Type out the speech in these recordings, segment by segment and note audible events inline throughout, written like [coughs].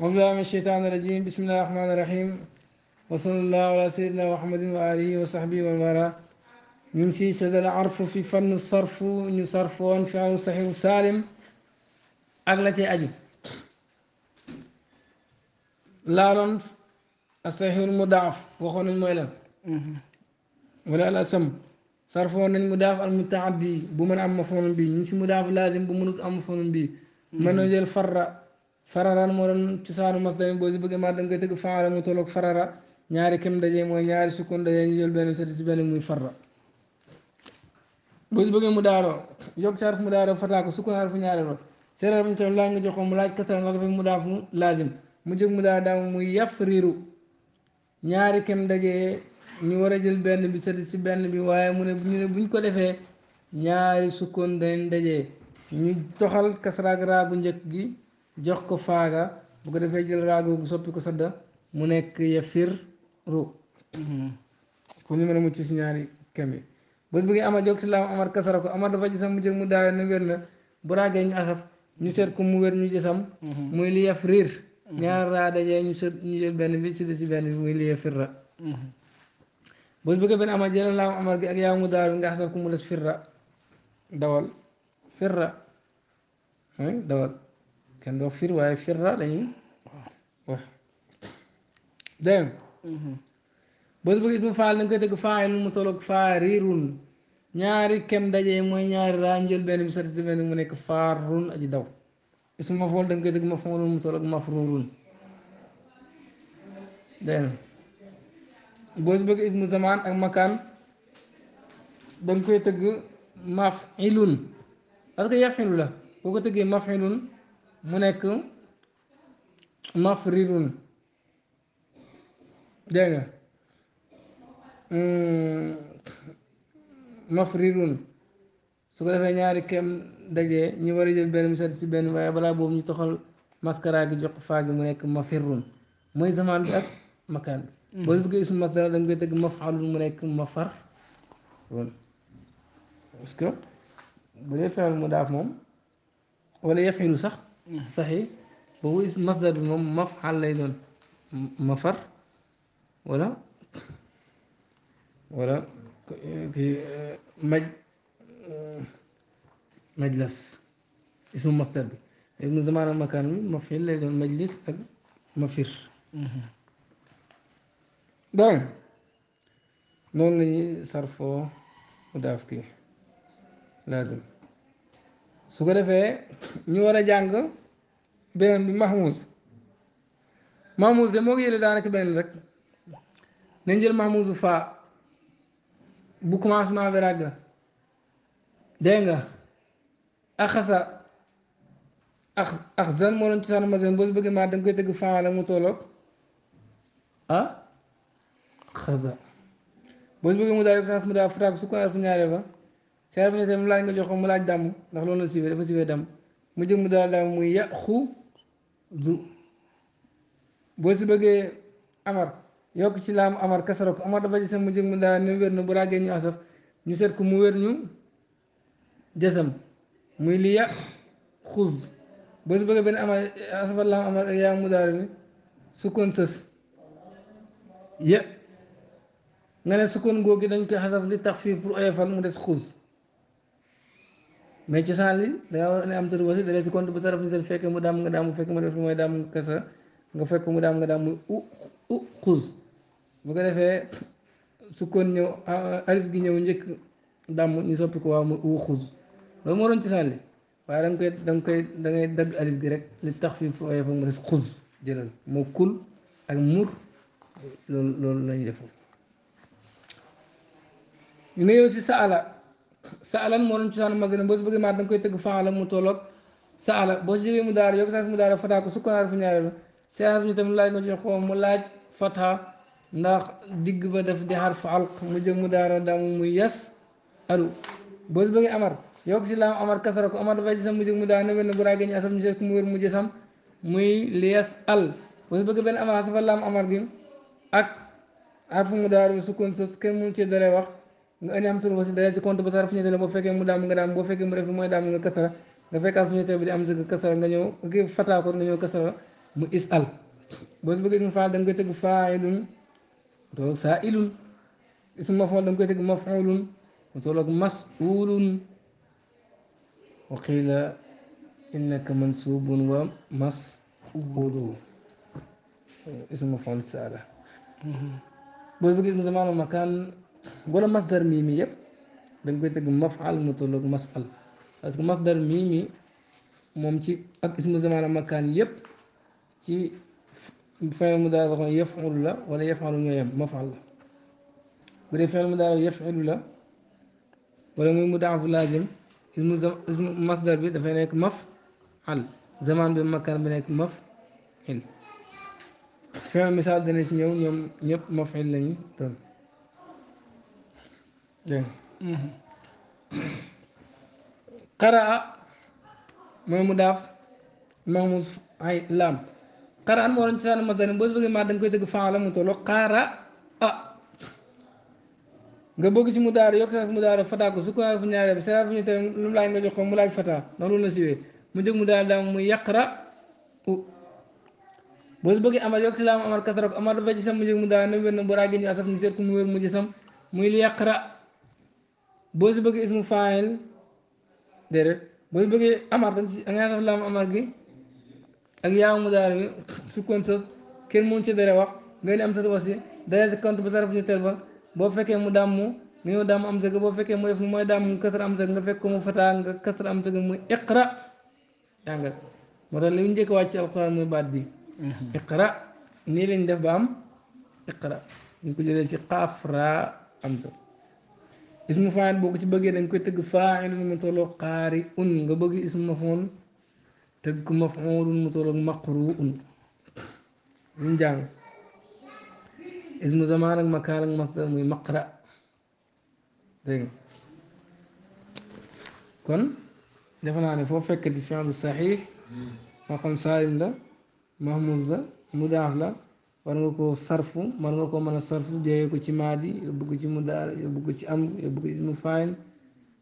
أعوذ بالله من الشيطان الرجيم بسم الله الرحمن الرحيم وصلى الله على سيدنا محمد وآله وصحبه ومن نمشي سد العرف في فن الصرف إن صرف وأنفع صحيح سالم أغلتي أجي لالون الصحيح المضاعف وخون المؤلم ولا الأسم صرف المضاعف المتعدي بمن أم مفهوم به نسي مضاعف لازم بمن أم مفهوم به من يجل فرّ fararaan moo doon cosaanu masdar boo si bëggee maa danga koy tëgg faala mu tolloog farara ñaari kem daje mooy ñaari sukkoon daje ñu jël benn sati si mu daaroo yokk mu daaroo fataa ko sukkoon araf ñaareel mu laa nga mu laaj kasara ndax mu daaf mu mu jóg mu daa daam war a jël benn bi sati si benn bi waaye mu ne ñu ne buñ ko defee ñaari sukkoon dañ daje ñu toxal kasaraag raagu njëkk gi jox ko faaga bu ko defee jël raagoogu soppi ko sadda mu nekk ya fir ru pour mm-hmm. ñu a mucc si ñaari kami bés bu ngi ama jog si laam kasara ko amar dafa gisam mu jëg mu daale na wér na bu raagee ñu asaf ñu seet ko mu wér ñu gisam mm-hmm. muy li yaf riir mm-hmm. ñaar raa dajee ñu seet ñu jël benn bi si si benn bi muy li ya fir ra bés bu benn ama jël laam amar gi ak yaa mu daal bi nga asaf ko mu des fir dawal fir dawal kenn doo fir waaye firra lañuy wax si bëggee ismu faal dañ koy teg faa'ilun mu tolloog faarirun ñaari kem dajee mooy ñaari raa njël benn bi sarti benn mu nekk faarun aji daw ismu mafool dañ koy teg mafoolun mu tolloog mafrurun si bëggee ismu zamaan ak makaan dañ koy tëgg maf'ilun parce que yafilu la boo ko tëggee maf'ilun منك مفررون دعنا مفررون سكرة في نهار كم دعي نيوري جل بن مسر سبن ويا بلا بوم نتخل مسكرة كي جوك فاج منك مفررون ما زمان بك مكان بس بقي اسم مسكرة دم قتك مفعل منك مفر رون اسكو بدي فعل مدافع مم ولا يفعل سخط صحيح هو اسم مصدر مفعل ليل مفر ولا ولا في مج مجلس اسم مصدر ابن زمان المكان مفعل ليل مجلس مفر داين نون لي صرفه ودافكي لازم su ko defee ñu war a jàng beneen bi mahmouz mahmouz de moo ko yële daanaka beneen rek nañ jël mahmouzu fa bu commencement bi ràgg dégg nga axasa ax axzan moo doon ci sax mazen boo si bëggee maa da nga koy tëgg la mu tolloog ah xasa boo si bëggee mu daal di ko sax mu daal fataak su ko def ñaare ba saa bu ne tamit laaj nga jox mu laaj dàmm ndax loolu la siwee dafa siwee dàmm mu jëm mu daal dàmm muy yàqu zu boo si bëggee amar yokk ci laam amar kasara ko amar dafa jësam mu jëm mu daal ni wér na bu raagee ñu asaf ñu seet ko mu wér ñu jësam muy li yàq xuz boo si bëggee benn amar asafal laam amar ak yaa mu daal bi sukkoon sës yë nga ne sukkoon googu dañ koy xasaf li tax fii pour oyofal mu des xuz mais cosaan li da nga am tëdd wasit da si compte bu saraf ni seen fekk mu daam nga daam fekk mu def mooy daam kasa nga fekk mu daam nga daam muy u u bu ko defee su kon ñëw alif gi ñëw njëkk dàmm ñu soppi ko waaw muy u xus loolu moo doon cosaan li waaye da koy da nga koy da ngay dagg alif gi rek li tax fi fooyee fa mu des xus jëlal moo kul ak mur loolu loolu lañ ñu nga yow si saala saalan moo doon cosaanu masdar boo si bëggee maat da nga koy tëgg faala mu tolloog saala boo si jógee mu daar yokk saas mu mu daara daamu ko amar dafay gisam mu jëm mu daar ñu seet ku mu wér mu jësam muy lies al boo si bëggee benn amar safa laam amar gi ak arfu mu daar bi sukkoon kenn mënu cee daree wax nga indi am tur wasila dale ci compte ba sarf ñetti la boo fekkee mu daam nga daam boo fekkee mu def mooy daam nga kasara nga fekk alfu ñetti bi di am nga kasara nga ñëw ngi fataa ko nga ñëw kasara mu is al boo si ñu faal da nga koy tëgg faailun toog saa ilun da nga koy mafulun mu tolloog masulun wa qiila innaka mansubun wa masulu ismu fool saala mhm. boo si bëggee ñu zamaanu makaan قول مصدر ميمي يب دنقول لك مفعل متعلق مسأل بس مصدر ميمي ممشي أك اسم زمان مكان يب تي فعل مضارع يفعل لا ولا يفعل ميم مفعل غير فعل مضارع يفعل لا ولا ميم مضارع لازم اسم اسم مصدر بيد فينك مفعل زمان بمكان بينك مفعل فعل مثال دنيس نيوم يوم يب مفعل لني dégg xaraa [coughs] mooy mu daaf mahmus ay laam xaraan moo doon ci da nga koy tëgg fan la mu tolloo xaara a nga bëgg si mu daara yokk sa mu daara fataa ko su ko fu ñaaree bi saa fu ñu tee lu mu laaj nga jox mu laaj fataa ndax loolu la siwee mu jóg mu daara daam mu yàqra u boo si bëggee amal yokk si laam amal kasara ko amal dafa ci mu jóg mu daara na wér na bu ràggee asaf ñu seet ku mu wér mu ci muy li yàqra boo si bëggee ismu faayil déedéet boo si bëggee amaar tam da ngaa saf laam amaar gi ak yaa mu daal bi sukkoon sës kenn mënu ci dara wax nga ne am sas was si dara si compte ba saraf ñu tel ba boo fekkee mu dàmm nga ñëw dàmm am sëgg boo fekkee mu def mooy dàmm kasar am sëgg nga fekk ko mu fataa nga kasar am sëgg muy iqra yaa nga moo tax li ñu njëkk wàcc ci alquran muy baat bi mhm. iqra nii lañ def ba am iqra ñu ko jëlee si xaaf raa am sëgg ismu faan boo ko ci bëggee dañ koy tëgg faailun mu tolloog xaari un nga bëgg ismu mafoon tëgg ko mafoolun mu tolloog maqru un ñu jàng ismu zamaan ak makaan ak masdar muy maqra dégg kon defe naa ne foo fekk di fi'lu saxiix moo xam saalim la mahmuuz la mudaaf la war nga koo sarfu man nga koo mën a sarfu jëlee ko ci maadi yóbbu ko ci mu daara yóbbu ko ci am yóbbu ko ci mu faayil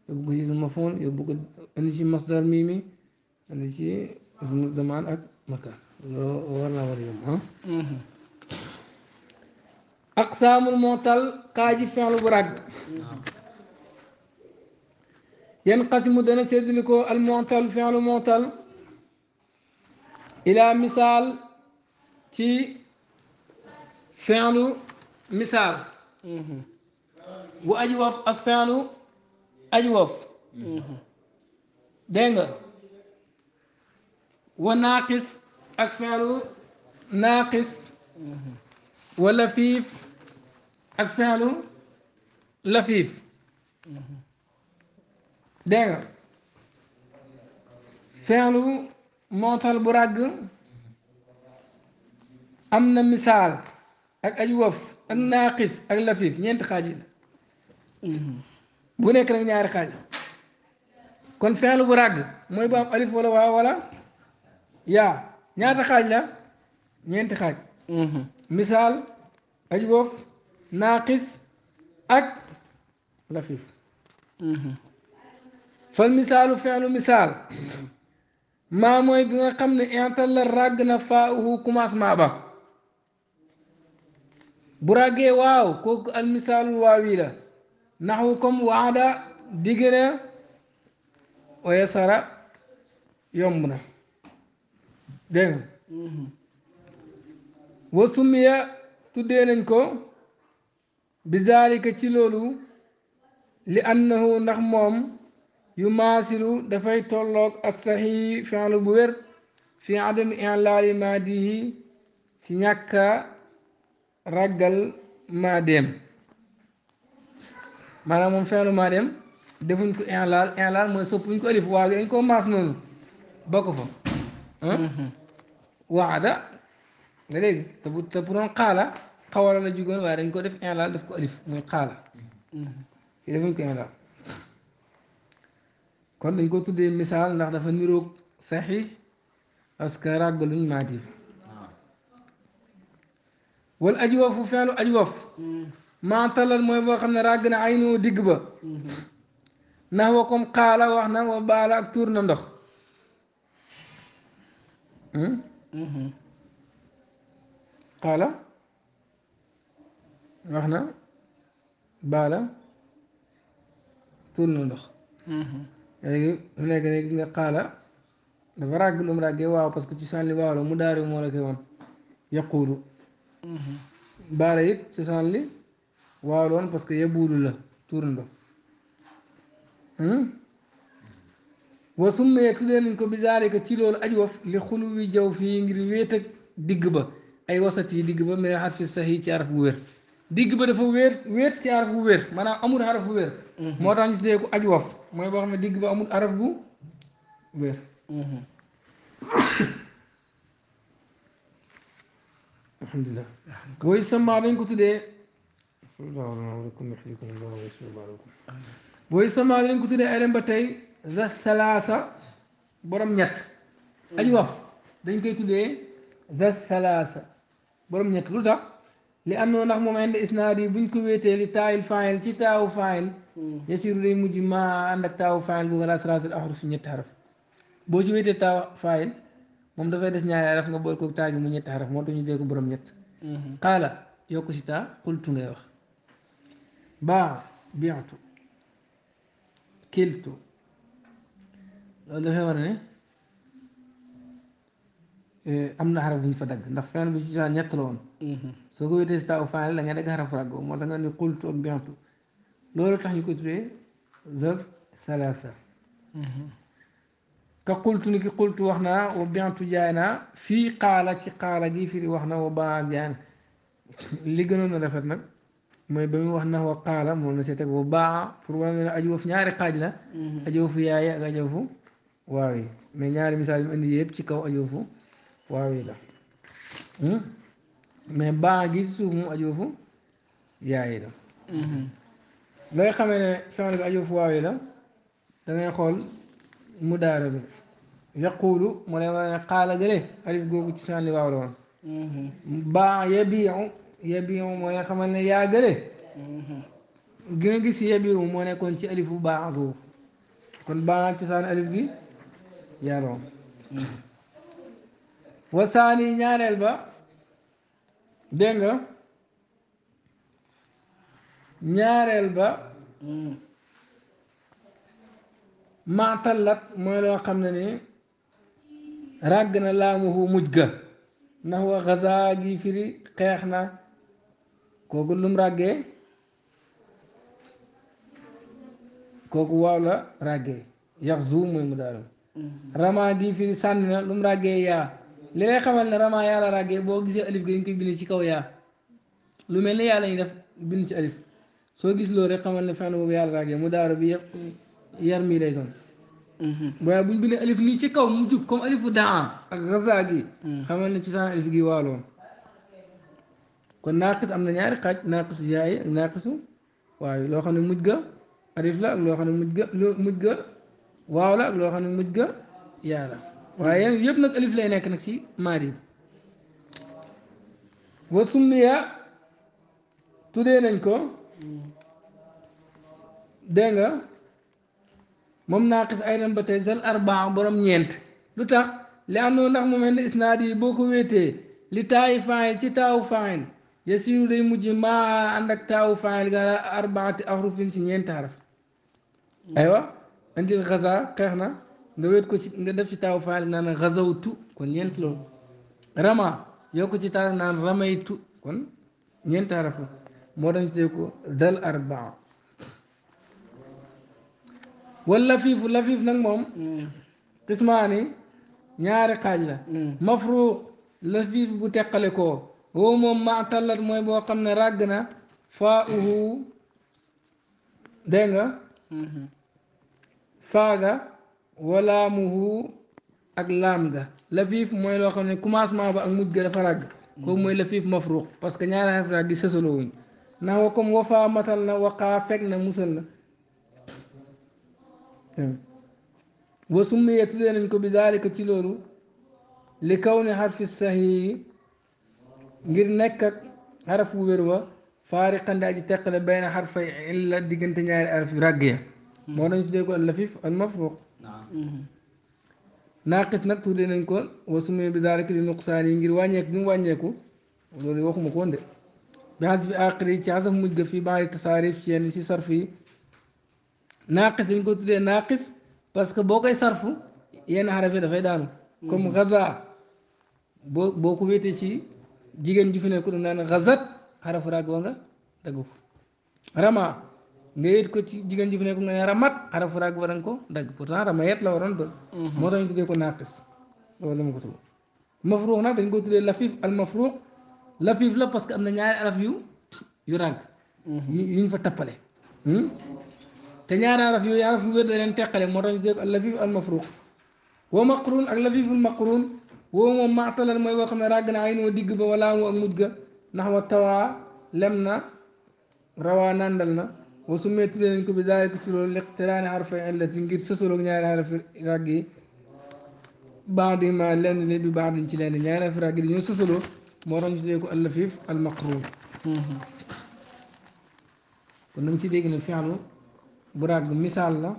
yóbbu ko ci ismu mafoon yóbbu ko indi ci masdar mii mi indi ci ismu zamaan ak makan loolu war naa war a yomb aqsaamul mootal kaaji fi'lu bu ràgg yan qasimu dana séddali ko al mootal fi'lu mootal ila misaal ci فعل مثال وأجوف أك فعل أجوف دينغ وناقص أك فعل ناقص ولفيف أك فعل لفيف دينغ فعل موتال براغ أمن مثال ak ajwaf ak naaqis ak lafif ñeenti xaaj yi bu nekk nag ñaari xaaj kon fexlu bu ràgg mooy bu am alif wala waaw wala yaa ñaata xaaj la ñeenti xaaj misaal ajwaf naaqis ak lafif fal misaalu fexlu misaal maa mooy bi nga xam ne intal la ràgg na faahu commencement ba bu ràggee waaw kooku almisaalul waawi la naxwu comme waada digg na oya sara yomb na dégg nga mhm. wa sumiya tuddee nañ ko bi zaalika ci loolu li annahu ndax moom yu maasilu dafay tolloog assaxi fi'lu bu wér fi adami i'laali maadihi si ñàkka ragal maa dem maanaam moom feelu maa dem defuñ ko inlaal inlaal moy soppuñ ko alif waaw gi dañ koo maas noonu bokk fa waxada nga dégg te bu te bu doon xawala la jugon way dañ ko def inlaal def ko alif moy qala fii defuñ ko inlaal kon dañ ko tuddé misal ndax dafa niro sahih parce que ràggaluñ maatiif والاجوف فعل اجوف ما تلال موي بو خن راغنا عينو ديغ با نحوكم قال واخنا وبال اك تور نندخ قال واخنا بالا تور نندخ ليغي ليغي ليغي قال دا راغ لوم راغي واو باسكو تي سان لي واو لو مداري مولا كي يقول baara it cosaan li waaw loon parce que yabuulu la turando hmm? wa summee tuddee nañ ko bi ko ci loolu aj waf li xuluwi jaw fii ngir wéet digg ba ay wasat yi digg ba mais xarfi saxi ci araf bu wér digg ba dafa wéer wéet ci araf bu wér maanaam amul araf bu wér hmm. moo tax ñu tuddee ko aj waf mooy boo xam ne digg ba amul araf bu wér hmm. alhamdulilah woy sama dañ ko tuddee woy sama dañ ko tuddee ay dem ba tey za salaasa borom ñett aj waf dañ koy tuddee za salaasa borom ñett lu tax li annoo ndax moom ànd isnaad yi buñ ko wéetee li taayil faayil ci taawu faayil hmm. yasiru day mujj maa ànd ak taawu faayil bu wala salaasa al ahruf ñetti xaraf boo ci wéetee taawu faayil moom dafay des ñaari araf nga bool koog taa gi mu ñetti araf moo tax ñu dégg borom ñett. xaala mhm. yokku si taa xultu ngay wax baa biatu kiltu loolu dafay war ne eh, am na xaraf bu ñu fa dagg ndax fenn bi si saa ñett la woon. Mhm. soo ko wéetee si taa faale da dagg xaraf ràggoo moo tax nga ne xultu ak biatu loolu tax ñu ko tuddee salaasa. كقلت لك قلت وحنا وبيعت جاينا في قال تي قال جي في وحنا وبا جان لي غنونا رفتنا مي بامي وحنا هو قال مو نسيت وبا فور وانا اجو في نياري قاج لا اجو في يايا اجو في واوي مي نياري مثال اندي ييب تي كو اجو في واوي لا مي با جي سوف مو اجو في يايا لا لا خامل فانا اجو في واوي لا دا ngay xol mudaara bi yaquulu mu ne ma xaala gële alif googu ci sànni waaw la woon mm-hmm. baa yabiu yabiu moo ne xamal ne yaa gële mm-hmm. gi gis yabiu moo nekkoon ci alifu baa googu kon baa ci sànni alif gi yaa la woon mm-hmm. wa ñaareel ba dégg ñaareel ba maatallat mooy loo xam ne ni ràgg na laamuhu muj ga ndax wa xaza gi firi xeex na kooku lum ràggee kooku waaw la ràggee yax zoom mooy mu daal mm-hmm. rama gi firi sànni na lum ràggee yaa li lay xamal ne rama yaa la ràggee boo gisee alif gi dañ koy bind ci kaw yaa lu mel ni yàlla lañu def bind ci alif soo gis loolu rek xamal ne fenn boobu yaa ràggee mu daaro bi yëpp yar mi lay doon. Mhm. waaye bu alif nii ci kaw mu jub comme alifu daa ak gaza gi. Mhm. xamal ne cosaan alif gi waaloon. kon naaqis am na ñaari xaaj naaqisu yaay ak naaqisu waaw loo xam ne mujj ga alif la ak loo xam ne mujj ga loo mujj la waaye yëpp alif lay nekk nag si maadi summiya tuddee nañ ko mhm. moom naaqis aydan ba tey zal arbaa borom ñeent lu tax li àndoo ndax mu mel ne isnaad yi boo ko wéetee li taayi faayil ci taawu faayil yasiru day mujj maa ànd ak taawu faayil ga arbaati ahrufin ci ñeenti xaraf hmm. aywa indil xasa xeex na nga wéet ko ci nga def ci taawu faayil naan xasawtu kon ñeent loolu rama yokk ci taawu naan ramaytu kon ñeenti xaraf moo dañ tee ko zal arbaa واللفيف واللفيف نك موم قسماني نياري خاج لا مفروق لفيف بو تقاليكو هو موم ما تلات موي بو خامنا راغنا فاؤه دنگا ساغا ولامه اك لامغا لفيف موي لو خامني كوماسمان با اك مودغا دافا راغ كو موي لفيف مفروق باسكو نياري حرف راغ دي سيسلو وين نا وكم وفا متلنا وقا فكنا مسلنا Hmm. wa summiya tuddee nañ ko bi zaalika ci loolu li kaw ni xarfi sahi ngir nekkat ak xaraf wu wér wa faariqan daa ji teqale bayna xarfay illa diggante ñaari araf ràgg ya hmm. moo nañ tuddee ko al lafif al mafruq hmm. naaqis nag tuddee nañ ko wa summiya bi zaalika li nuqsaan yi ngir wàññeeku bi mu wàññeeku loolu waxuma ko woon de bi xasfi aaxiri ci xasaf mujj ga fii baari tasaarif ci yenn si sarf naaqis dañ ko tuddee naaqis parce que boo koy sarfu yenn xaraf yi dafay daanu comme hmm. gaza boo boo ko wéetee ci jigéen ju fi nekku danga naan gazat xarafu raag wa nga ko ci jigéen ju fi nekku nga ne ramat ko dagg pourtant rama yet la waroon doon hmm. moo tax ñu tuddee ko naaqis la ma ko tudd mafruux nag dañ ko tuddee lafif al lafif la parce que am na ñaari araf yu yu ràgg hmm. yuñ fa tappale te ñaari araf yooyu araf yu wér da leen teqale moo tax ñu dégg allafif almafruq wa maqrun ak lafiful maqrun woo moom maatalal mooy boo xam ne ràgg na ay noo digg ba wala mu ak mujj ga ndax wa tawaa lem na rawaa nandal na wa su mee tuddee nañ ko bi daalika ci loolu liqtiraani harfi illati ngir sësaloog ñaari araf ràgg yi baadi ma lenn li bi baadiñ ci lenn ñaari araf ràgg yi dañoo sësaloo moo tax ñu tuddee ko allafif almaqrun kon nañ ci dégg na fi'lu bu ràgg misaal la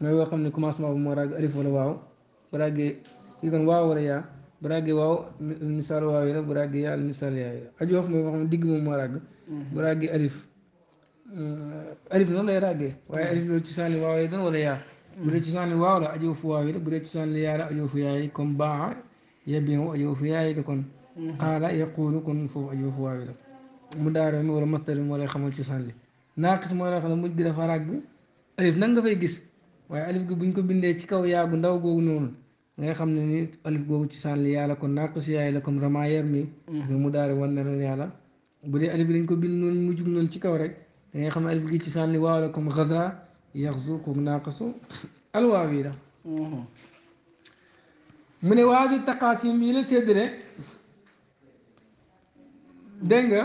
mooy woo xam ne commencement bu moo ràgg alif wala waaw bu ràggee li kon waaw wala yaa bu ràggee waaw misaal waaw yi la bu ràggee alif noonu lay ràggee waaye alif loolu ci saani waaw yi la bu dee ci saani yaa la aju woofu comme baa yebbiwu aju woofu yaa yi la kon mhm. xaala yaquulu kon foofu aju waaw yi la mu daara mi wala mastar mi xamal ci saani naaqis mooy loo xam ne mujj gi dafa ràgg alif nag fay gis waaye alif gi buñ ko bindee ci kaw yaagu ndaw googu noonu nga xam ne ni alif googu ci sànni yàlla kon naaqis yaay la kom rama yar mi nga mm. mu daari wan ne leen yàlla bu dee alif gi dañ ko bind noonu mujj noonu ci kaw rek nga xam ne alif gi ci sànni waaw la comme xaza yaxzu kooku naaqisu [laughs] alwaaw yi la mm-hmm. mu ne waaju taqaasim yi la séddale dégg nga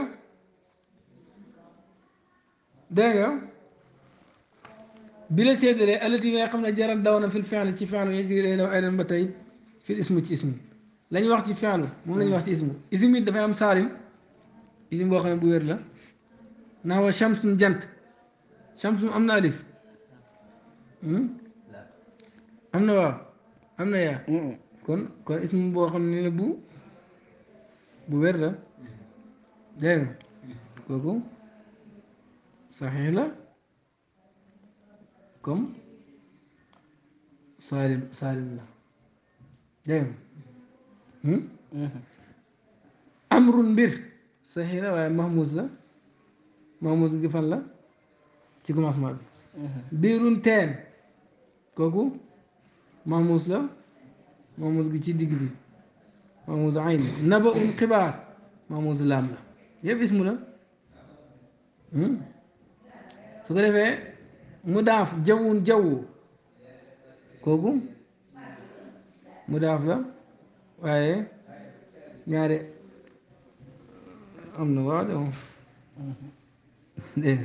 دقا بلا سيد لي التي ما يقمنا جرى دونا في الفعل تي فعل يجري له الى البتاي في الاسم تي اسم لا نيوخ تي فعل مو لا نيوخ تي اسم اسم دا فاي ام سالم اسم بو خا بو وير لا ناوا شمس جنت شمس امنا الف م? لا امنا وا امنا يا كون كون اسم بو خا ني بو بو وير لا دين كوكو Sahihler kum salim salimler. Değil mi? Hı? Amrun bir. Sahih la waaye Mahmouz la Mahmouz gi fan la ci commencement bi. biirun teen kooku Mahmouz la Mahmouz gi ayn naba kibar, xibaar Mahmouz ya la yëpp ismu su ko defee mu daaf jawwun jawwu kooku mu daaf la waaye ñaare am na waaw de moom dégg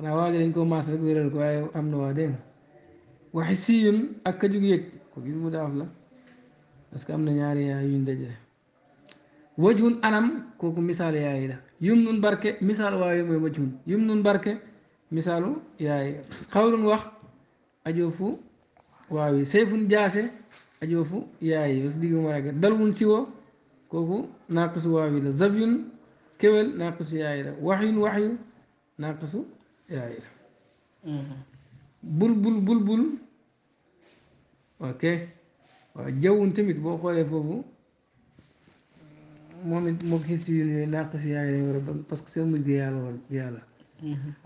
nga dañ koo maas rek wéral ko waaye am na waaw dégg nga ak ka jug kooku mu daaf la parce que am na ñaari yaay yuñ daje wajhun anam kooku misaal yaay la yum nun barke misaal waaye mooy wajhun yum nun barke misaalu yaay xawlun wax ajoofu waaw sayfun jaase ajoofu yaay wasu digg mu rek dalwun siwo kooku naaqisu waawi la zabyun kéwél naaqisu yaay la waxyun waxyu naaqisu yaay la bul bul bul bul ok waaw jawwun tamit boo xoolee foofu moom it moo gis yu yooyu naaqisu yaay la war a doon parce que seen mujj yàlla war yàlla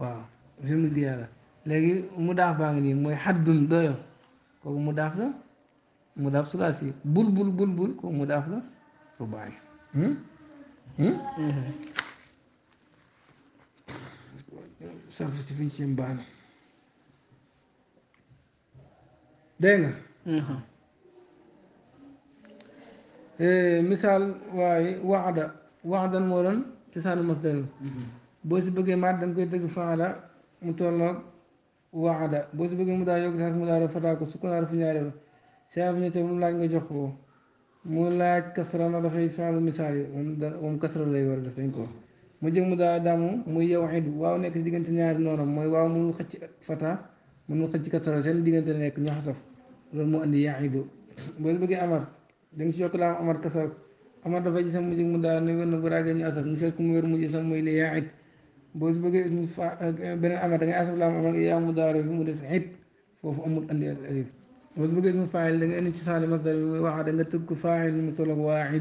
waaw fi mu di yàlla léegi mu daax baa ngi nii mooy xaddun doyo kooku mu daax la mu daaf sulaasi bul bul bul bul kooku mu daax la rubaay hmm? hmm? sarf si fiñ si mbaan dégg nga hmm. eh, misaal waaye waxda waxdan moo doon cosaanu masdar boo si bëggee maat da koy dëgg faala mu tolloog waada boo si bëggee mu daal yokk sax mu daal fataa ko sukkoon arfu ñaareel saaf ni te mu laaj nga jox ko mu laaj kasra na dafay fenlu misaal yi moom kasra lay war def dañ ko mu jëg mu daal damu muy yow idu waaw nekk si diggante ñaari mooy waaw xëcc fata mënul xëcc kasra seen diggante nekk ñu xasaf loolu moo andi yaa idu boo si bëggee amar da nga si yokk laa amar kasra amar dafay gis mu jëg mu daal ne wér bu raagee ñu asaf ñu fekk mu wér mu gisam muy li yaa idu boo si bëggee ismu euh, fa beneen amal da ngay mu daaro bi mu des xit foofu amul andi al alif boo si bëggee ismu faayil da nga indi saani masdar bi muy waxaa da nga tëgg ko faayil mu tolloog waa nga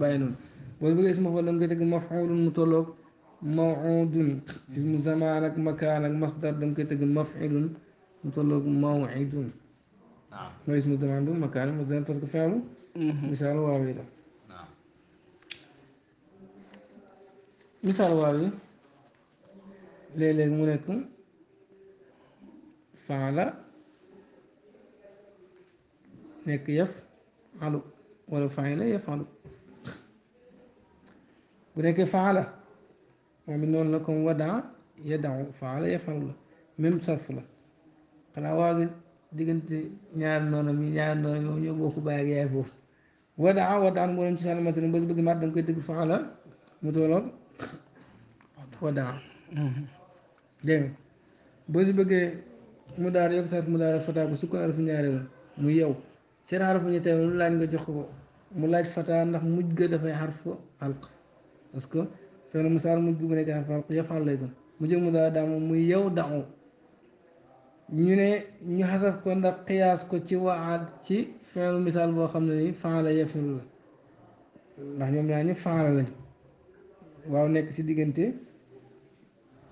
bàyyi noonu boo si bëggee ismu xool da nga tëgg mafxuulun mu tolloog mawxuudun ismu zamaan ak makaan ak masdar da nga koy tëgg mafxilun mu tolloog mawxidun mooy ismu zamaan bi makaan masdar parce que feelu mhm. léeg-léeg mu nekk faala nekk yaf alu wala faala yaf alu bu nekkee faala moom it noonu la comme wadaa yadaa faala yaf alu la même sarf la xanaa waa gi diggante ñaari noonam yi ñaari noonam yi moom ñoo bokk bàyyi ak yaay foofu wadaa wadaan moo dem ci salamatin bëgg bëgg mat danga koy dégg faala mu tolloog wadaa dégg nga boo si bëggee mu daara yokk saat mu daara fataa bu sukkoon arafu ñaareel mu yow seen xarfu ñetteel lu laaj nga jox ko mu laaj fataa ndax mujj ga dafay xarfu alq parce que fenn musaar mujj lay doon mu jóg mu daa moom muy yow daaw ñu ne ñu xasaf ko ndax xiyaas ko ci waat ci fenn misaal boo xam ne ni fan la yeful la ndax ñoom ñaa ñu fan lañ waaw nekk ci diggante.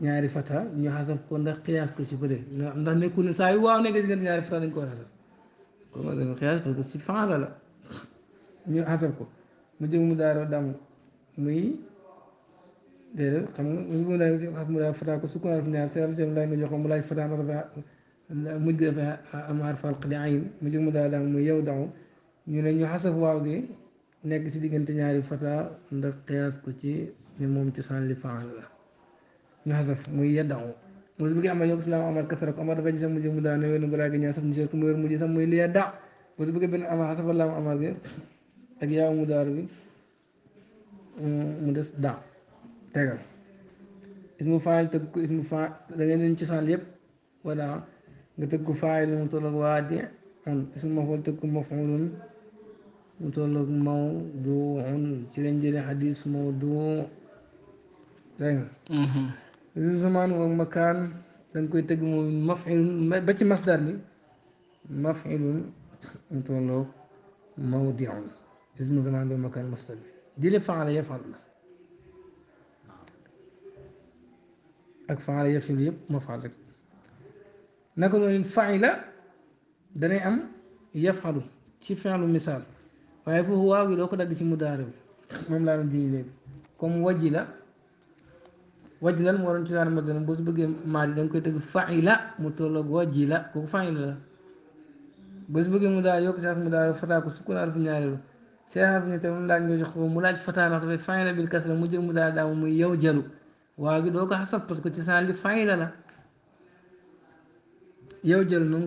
ñaari fata ñu xasaf ko ndax xiyaas ko ci bële ndax nekkul ne saa yu waaw nekk diggante ñaari fata a xasaf kon ma dañ xiyaas parce ñu xasaf ko mu jëm mu daaroo damu muy mu mu daal fata ko nekk si diggante ñaari fata ndax xiyaas ko ci moom ci sànni faala la ñu xasaf muy yaddaxu mos bi nga ama yokk si laam amar kasara ko amar dafa sax mujj mu daa ne wér balaa gi ñaa saf mu mu wér mu daar mu des daa tegal ismu faayil tëgg ko ismu faayil da cosaan yëpp wala nga tëgg ko faayil mu tolloog waati on ismu mafool tëgg ko mafoolun mu tolloog mawduun ci lañ jëlee xadis mawduun dégg zu zamaan wa makaan danga koy tëgg moom mafilun ba ci masdar bi mafilun mu tolloo mawdiun ismu zamaan faala yafal la ak faala yafilu yëpp ma rek naka noonu faila danay am yafalu ci fi'lu misaal waaye foofu waaw gi doo ko dagg ci mudaare bi moom laa doon junj léegi comme waji la wajlan moo doon la boo mu daal yokk si cosaan li faila noonu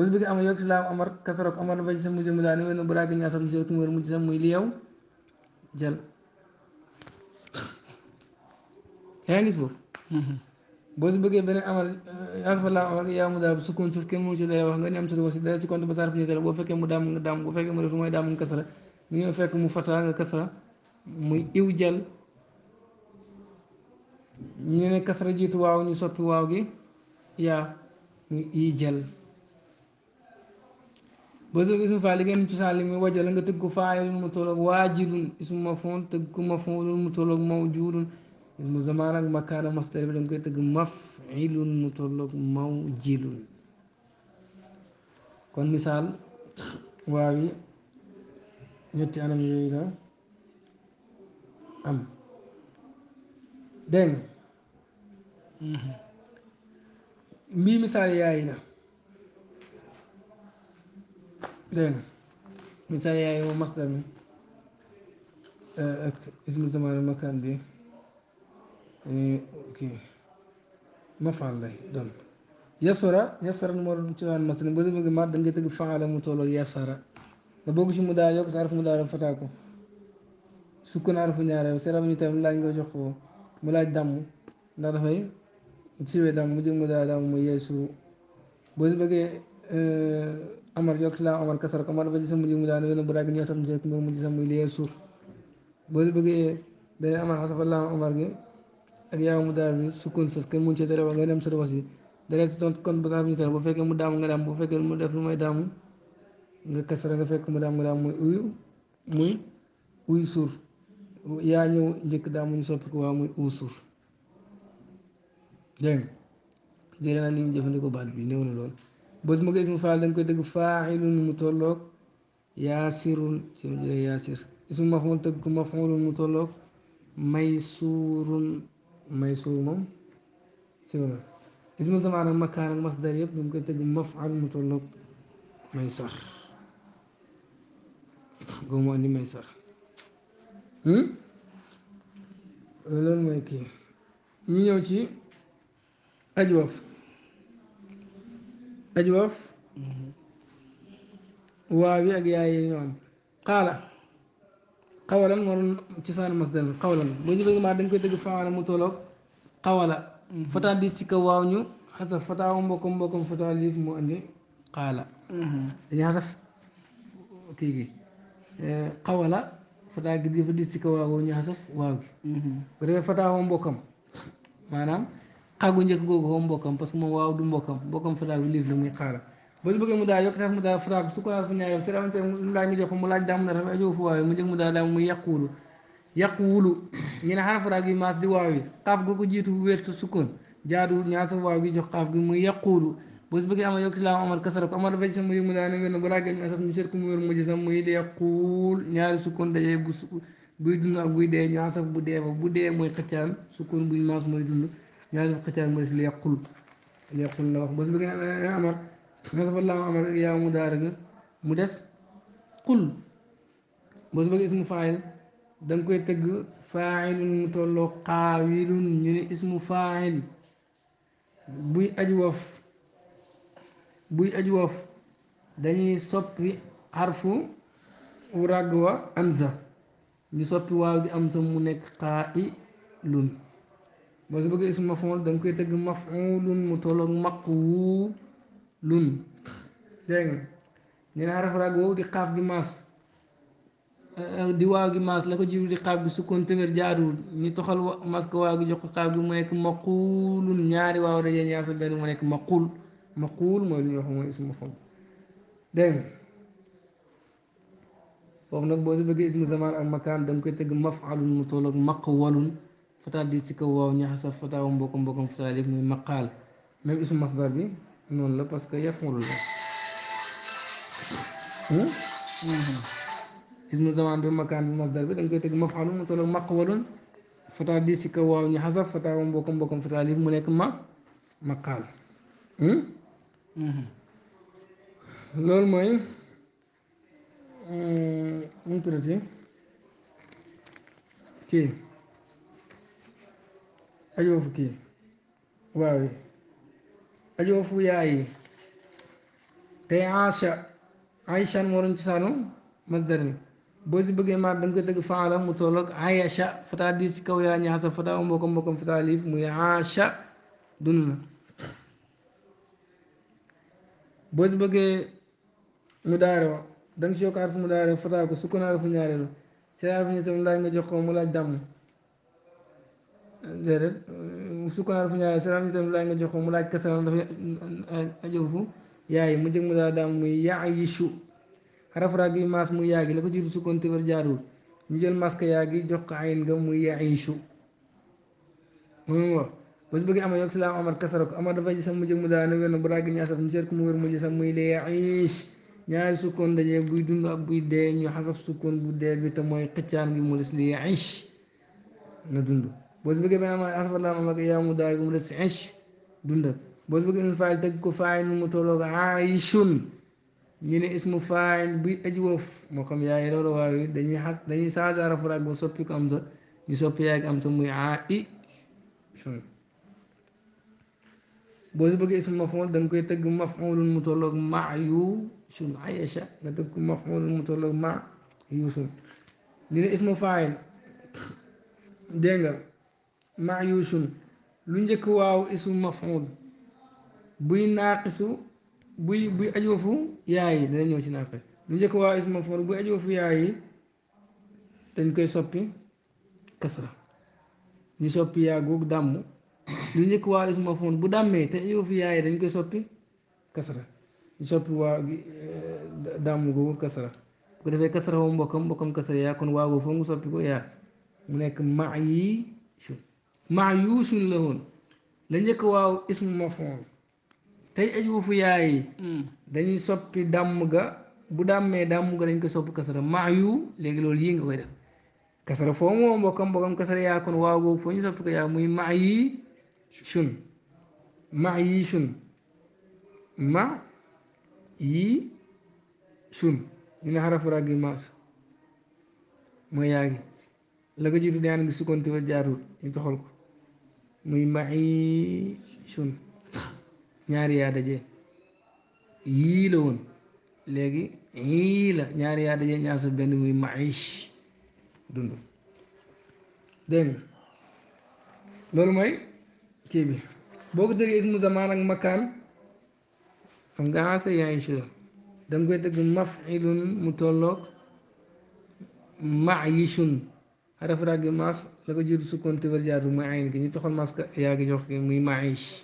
nga su bëggee am yokk si laam amar kasara ko amar dafay sa mu jël mu daal ni wenn bu daa gën mu jël ku mu wér mu ci muy li yow jal yaa ngi foofu boo si bëggee beneen amal eh, asfa laa amal yaa mu daal sukkoon sës kenn mënu ci dara wax nga ne am sut wasi dara ci compte ba sarf ñeteel boo fekkee mu daam nga daam bu fekkee mu def nga kasara nga kasara muy iw jal ñu ne kasara jiitu waaw ñu soppi waaw gi yaa muy i jal boo soo ismu faa li ngeen cosaan li muy wajal nga tëgg ko faa lu mu tolloog waajilun ismu mafoon tëgg ko lu mu tolloog mawjuudun ma zamaan ak makaana masdar bi dañ koy tëgg mafilun mu tolloog mawjilun kon misaal waaw yi ñetti anam yooyu la am dégg mm-hmm. misaal yaay la dégg misaal yaay moom masdar mi eh, ak ismu zamaan makaan bi okay mafaal lay doon yasura yasaran moo doon ci waan masni boo bëgg ma da nga tëgg faala mu tolloo yasara nga bokk ci mu daa yokk sa araf mu daa fataa ko sukkoon arfu ñaareel seeram ñu tamit laaj nga jox ko mu laaj dàmm ndax dafay siwee dàmm mu jël mu daa dàmm mu yeesu boo si bëggee amar yokk si laa amar kasar ko amar dafa gisam mu jël mu daa ne bu daa gën yasar mu seet mu gisam mu yeesu boo si bëggee day amar xasaf laa amar gi ak yaa mu daal di sukkoon sës kenn kon ba sax bu fekkee mu daamu nga daam bu fekkee mu def lu may daamu nga kasara nga fekk mu daam nga daam muy uyu muy uyu suur yaa ñëw njëkk daamu ñu soppi ko waa muy uyu suur dégg nga dégg naa ni ñu jëfandikoo baat bi néew na lool bés ma gis mu faal dañ koy dégg faaxilun mu tolloog yaasirun si mu jëlee yaasir ismu maf'ul tëgg ko maf'ulun mu tolloog maysurun may suur moom siiw na ismu zamaan ak makaan ak masdar yëpp dañ koy tëgg mafal mu tolloog may sar goo mu andi may sar loolu kii ñu ñëw ci ajwaf ajwaf waaw yi ak yaay yi am xaala xawalan moo doon ci saanu masdar xawalan moo jëfee maa dañ koy tëgg faala mu tolloog xawala mhm. fataa diis ci kaw waaw ñu xasaf fataawu mbokkam mbokkam fataa liif mu andi mhm. eh, ci kaw waaw ñu xasaf waaw gi mhm. bu defee fataawu mbokkam maanaam xagu njëkk googu xaw mbokkam parce moom waaw du mbokkam mbokkam fataa gi liif la xaala boo ci bëggee mu yokk sax mu mu a rafet ajow fu waawi mu jëg mu daal daa mu yàquwulu yàquwulu ñu ne xana fraag yi maas di waawi xaaf ga ko jiitu wéertu sukkoon jaaduwul waaw gi jox xaaf mu yàquwulu boo ci bëggee ama yokk si amar kasara amar dafay sa mu yëg mu daal ne wér na balaa asaf ñu seet ko mu wér mu gisam muy yàquwul ñaari sukkoon dajee bu su buy dund ak asaf bu dee fa bu dee mooy xëccaan sukkoon buñ maas mooy dund ñu asaf si li yàqul amar nasaba laahu amr yaa mudaari nga mu des qul boo su bëgg ismu faayil da koy tëgg faayilun mu tolloo xaawilun ñu ne ismu faayil buy aju wof buy aju wof dañuy soppi xarfu ràgg wa amza ñu soppi waaw gi amza mu nekk xaa'ilun boo su bëgg ismu mafuul da koy tëgg mafuulun mu tolloog maquwu lun dégg nga nee na xaraf di xaaf gi maas eh, di waaw gi maas la ko jiw di xaaf gi sukkoon téwér jaaduwul ñu toxal maas ko waaw gi jox ko xaaf gi mu nekk maquulun ñaari waaw dajee ñaar sa benn mu nekk maquul maquul mooy lu ñuy wax mooy ismu fam dégg nga nag boo si bëggee ismu zamaan ak makaan dama koy tëgg mafalun mu toll ak maqwalun fataat di ci kaw waaw ñaxasa fataaw mbokam mbokam fataat def muy maqaal même ismu masdar bi noonu la parce que yafunlu la hmm? mm-hmm. ismu zaman bi makaan bi masdar bi da nga koy teg mafaalu mu toll ak maqwalun fata di si kaw waaw ñu xasaf fata wa mbokkam mbokkam fata lif mu nekk ma maqaal hmm? mm-hmm. loolu mooy hmm, mu tuddati kii ajofu kii waaw అజోఫుయాయి tey Aïcha Aïcha moo doon cosaanu masdarni boo si bëggee maat da nga koy dëgg faala mu tolloog Aïcha fataa di si kaw yaa ñaasa fataa mbokkam mbokkam fataa liif muy Aïcha dund na boo si bëggee mu daaro da nga si yokk arfu mu daaro fataa ko sukkandiku arfu ñaareelu si arfu ñetteel laaj nga jox ko mu laaj dàmm déedéet sukkandaat fu ñaareel salaam itam laaj nga jox mu laaj ka salaam dafa yaay mu jëg mu daal daam muy yaayichu xarafra gi maas mu yaagi la ko jiitu sukkoon tébar jaarul ñu jël maas ka yaagi jox ko ayin nga muy yaayichu moom wax ba su bëggee ama yokk salaam amar kasara ko amar dafay gisam mu jëg mu daal ne wér na bu ràggi ñaasaf seet ko mu wér mu gisam muy yaayish ñaari sukkoon dajee buy dund ak buy dee ñu xasaf bu dee bi te mooy boo si bëggee benn ma asfallah ma yaa mu daal mu des inch dundal boo si bëggee faayil teg ko faayil mu tolloog aayishun ñu ne ismu faayil bi aji woof ko am sa ñu am sa muy si bëggee ismu da koy tëgg mafoolun mu tolloog maayusun ayasha nga tëgg ñu ne ismu faayil dégg maayuusun lu njëkk waaw ismu maf'ul buy naaqisu buy buy ajoofu yaay lu njëkk waaw ismu yi dañ koy soppi kasra ñu soppi yaa googu dàmm lu njëkk waaw ismu maf'ul bu dàmmee te ajoofu yaay yi dañ koy soppi kasra ñu soppi waa eh, dàmm googu kasra bu ko defee kasra moom mbokkam mbokkam kasra yaa kon waaw foo mu soppi ko yaa mu nekk maa yi sun maa yuusun la woon la njëkk waaw ismu mafoon tey ajuufu yaay yi hmm. dañuy soppi dàmm ga bu dàmmee dàmm ga dañ ko soppi kasara maa yu léegi loolu yii nga koy def kasara foo moo mbokkam mbokkam kasara yaa kon waaw googu foo ñu soppi ko yaa muy maa yi sun maa yi sun ma yi sun ñu ne xarafu ràgg yi maas mooy yaa gi la ko jiitu daan gi sukkanti jaarul ñu toxal ko muy maichun ñaari yaa daje yii la léegi la ñaari yaa daje benn muy maich dund dégg loolu mooy kii bi boo ko déggee ismu zamaan ak makaan xam nga ansa yaichu la da nga koy mu tolloog maichun xaraf raa gi maas la ko jiitu sukkoon tëbër jaatu mooy ayin gi ñu toxal maas yaa gi jox ki muy maish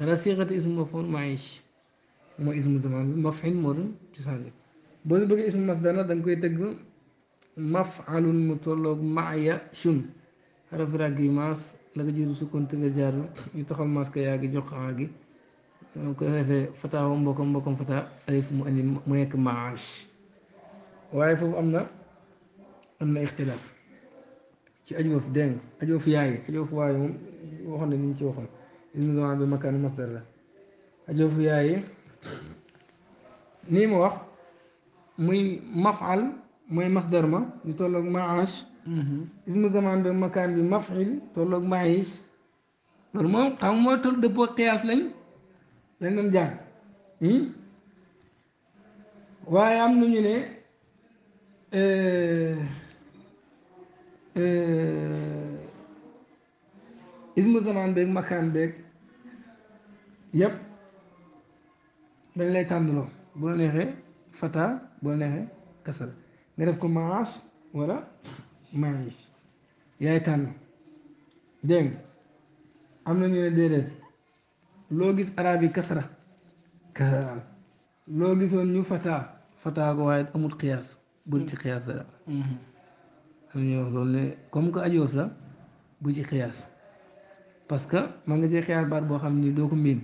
ala siixati ismu mafoon moo doon cosaan da koy tëgg mafalun mu tolloog maaya shun xaraf raa gi maas la ko jiitu sukkoon tëbër jaatu ñu toxal yaa gi jox am na na ixtilaaf ci ajoof dégg nga ajoof yaay ajoof waay moom waxoon na ni ñu ci waxoon ismu zamaan bi makaan masdar la ajoof yaay nii ma wax muy mafal mooy masdar ma di tolloog maash ismu zamaan bi makaan bi mafil tolloog maayish loolu moom xam mooy toll dëppoo xiyaas lañ lañ doon jàng waaye am nañu ne Euh, ismu zaman beeg makaan beeg yëpp dañ lay tànnaloo bu la neexee fata bu neexee kasara nga def ko maas wala maas yaay tànn dégg am na ñu déedéet loo gis arab yi kasara kasara loo gisoon ñu fata fata ko waaye amul xiyaas bul ci xiyaas dara mm-hmm. am ñuy wax loolu ne comme que ajoof la bu ci xiyaas parce que man nga see xiyaas baat boo xam ni doo ko miin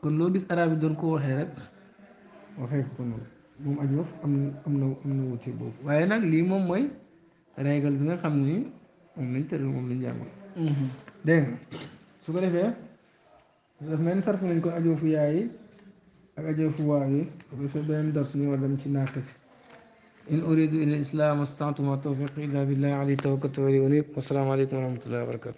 kon loo gis arab yi doon ko waxee rek waxee ko noonu moom ajoof am am na am na wuute boobu waaye nag lii moom mooy régal bi nga xam ni moom lañ tëral moom lañ jàngal dégg nga su ko defee daf mel ni sarf nañ ko ajoofu yaay yi ak ajoofu waaw yi su ko defee beneen dar suñu war dem ci naaqis إن أريد إلا الإسلام واستعنت ما توفيقي إلا بالله عليه توكلت وإليه أنيب والسلام عليكم ورحمة الله وبركاته